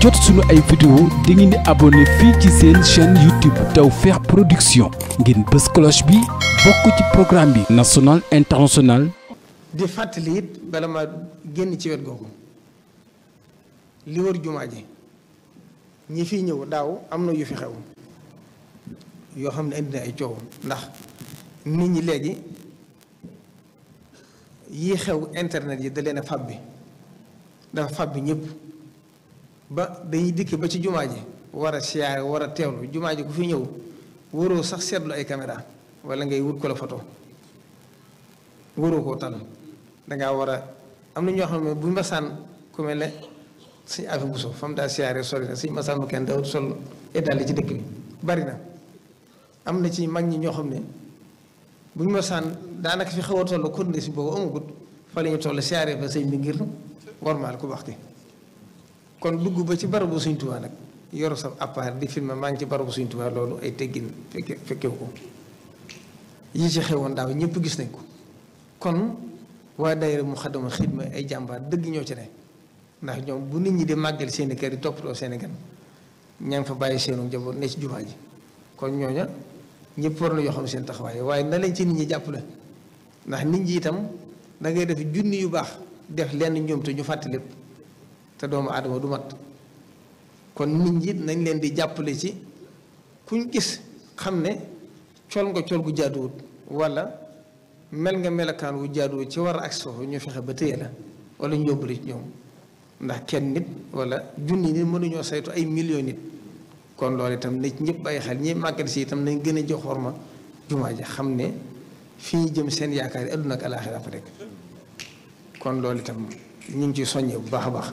jot suñu ay vidéo da di abonné fii ci seen chaîne YouTube Tawfekh Production ngeen bës cloche bi bokk ci programme bi national international di fàttali it bala ma génn ci wet googu li wër jumaa ji ñi fi ñëw daaw am na yu fi xew yoo xam ne indi na ay coow ndax nit ñi léegi yi xew internet yi da leen a fab bi dafa fab bi ñëpp ba dañuy dikk ba ci jumaa ji war a siyaare war a teewlu jumaa ji ku fi ñëw waroo sax seetlu ay caméra wala ngay wut ko la photo waroo koo tal dangaa war a am na ñoo xam ne bu masaan ku mel ne so fa mu daa siyaare soli na suñu sol étali ci dëkk bi bari na am na ci mag ñi ñoo xam ne bu ñu masaan daanaka fi xaw a toll kon si boobu amagut fa la ñu toll siyaare fa sëñ bi ngir warmaal ku baax ki kon dugg ba ci barabu Sëñ Tuubaa nag yoru sa appareil di filmer maa ngi ci barabu Sëñ Tuubaa loolu ay teggin fekke fekkewu ko yi ci xewoon daaw ñëpp gis nañ ko kon waa daayira Muxaddamatul Xidma ay jàmbaar dëgg ñoo ci ne ndax ñoom bu nit ñi di màggal seeni kër di toppatoo seeni ña ngi fa bàyyi seenu njaboot ne ci jumaa ji kon ñooña ñëpp war na yoo xam seen taxawaay waaye na leen ci nit ñi jàppale ndax nit ñi itam da ngay def junni yu baax def lenn ñoom te ñu fàtte lépp te doomu aadama du mat kon nit ñi nañ leen di jàppale ci kuñ gis xam ne col nga col gu jaaduwut walla mel nga melokaan wu jaaduwut ci war a ak soxla ñu fexe ba téye la wala ñu yóbbale ci ñoom ndax kenn nit wala junni nit mënuñoo saytu ay millions nit kon lool itam nit ñëpp bàyyi xel ñi màggat si itam nañ gën a jox ma jumaa ji xam ne fi ñu jëm seen yaakaar yi àdduna ak alaaxira rek kon loolu itam ñu ngi ciy soññee bu baax a baax.